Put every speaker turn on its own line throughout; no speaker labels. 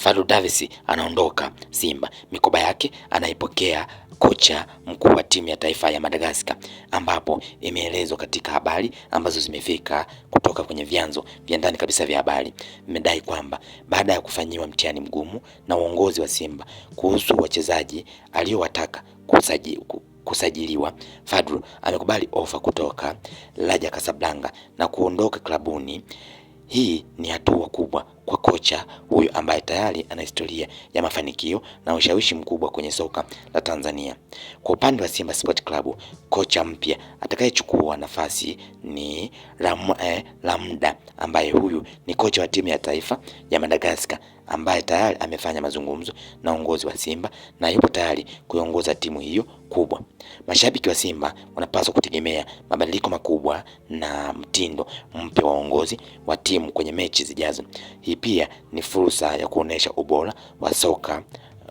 Fadlu Davis anaondoka Simba, mikoba yake anaipokea kocha mkuu wa timu ya taifa ya Madagascar, ambapo imeelezwa katika habari ambazo zimefika kutoka kwenye vyanzo vya ndani kabisa vya habari, imedai kwamba baada ya kufanyiwa mtihani mgumu na uongozi wa Simba kuhusu wachezaji aliyowataka kusaji kusajiliwa Fadlu amekubali ofa kutoka Raja Casablanca na kuondoka klabuni. Hii ni hatua kubwa kwa kocha huyu ambaye tayari ana historia ya mafanikio na ushawishi mkubwa kwenye soka la Tanzania. Kwa upande wa Simba Sport Club, kocha mpya atakayechukua nafasi ni Ram, eh, Lamda ambaye huyu ni kocha wa timu ya taifa ya Madagascar ambaye tayari amefanya mazungumzo na uongozi wa Simba na yupo tayari kuiongoza timu hiyo kubwa. Mashabiki wa Simba wanapaswa kutegemea mabadiliko makubwa na mtindo mpya wa uongozi wa timu kwenye mechi zijazo. Hii pia ni fursa ya kuonesha ubora wa soka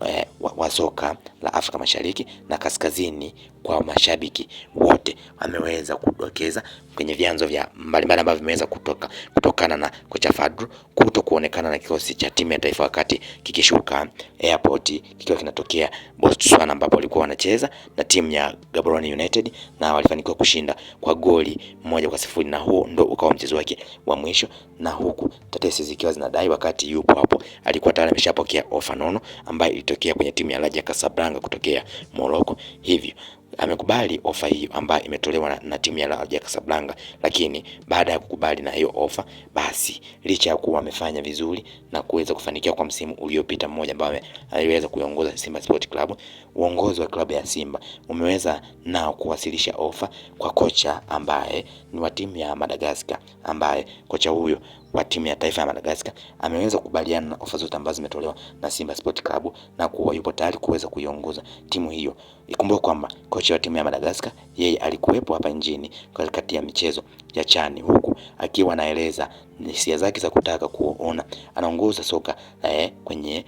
eh, wa soka la Afrika Mashariki na Kaskazini kwa mashabiki wote, ameweza kudokeza kwenye vyanzo vya mbalimbali ambavyo vimeweza kutoka kutokana na kocha Fadru kuto kuonekana na kikosi cha timu ya taifa wakati kikishuka airport kikiwa kinatokea Botswana, ambapo walikuwa wanacheza na timu ya Gaborone United na walifanikiwa kushinda kwa goli moja kwa sifuri, na huo ndo ukawa mchezo wake wa mwisho, na huku tetesi zikiwa zinadai wakati yupo hapo alikuwa tayari ameshapokea ofa nono ambayo ilitokea kwenye timu ya Raja Casablanca kutokea Morocco hivyo amekubali ofa hiyo ambayo imetolewa na, na timu ya Raja Casablanca, lakini baada ya kukubali na hiyo ofa, basi licha ya kuwa amefanya vizuri na kuweza kufanikiwa kwa msimu uliopita mmoja ambao aliweza kuiongoza Simba Sport Club, uongozi wa klabu ya Simba umeweza nao kuwasilisha ofa kwa kocha ambaye ni wa timu ya Madagascar, ambaye kocha huyo wa timu ya taifa ya Madagascar ameweza kukubaliana na ofa zote ambazo zimetolewa na Simba Sport Club na kuwa yupo tayari kuweza kuiongoza timu hiyo. Ikumbuke kwamba kocha wa timu ya Madagascar yeye alikuwepo hapa nchini katikati ya michezo ya chani, huku akiwa anaeleza hisia zake za kutaka kuona anaongoza soka eh, kwenye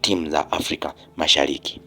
timu za Afrika Mashariki.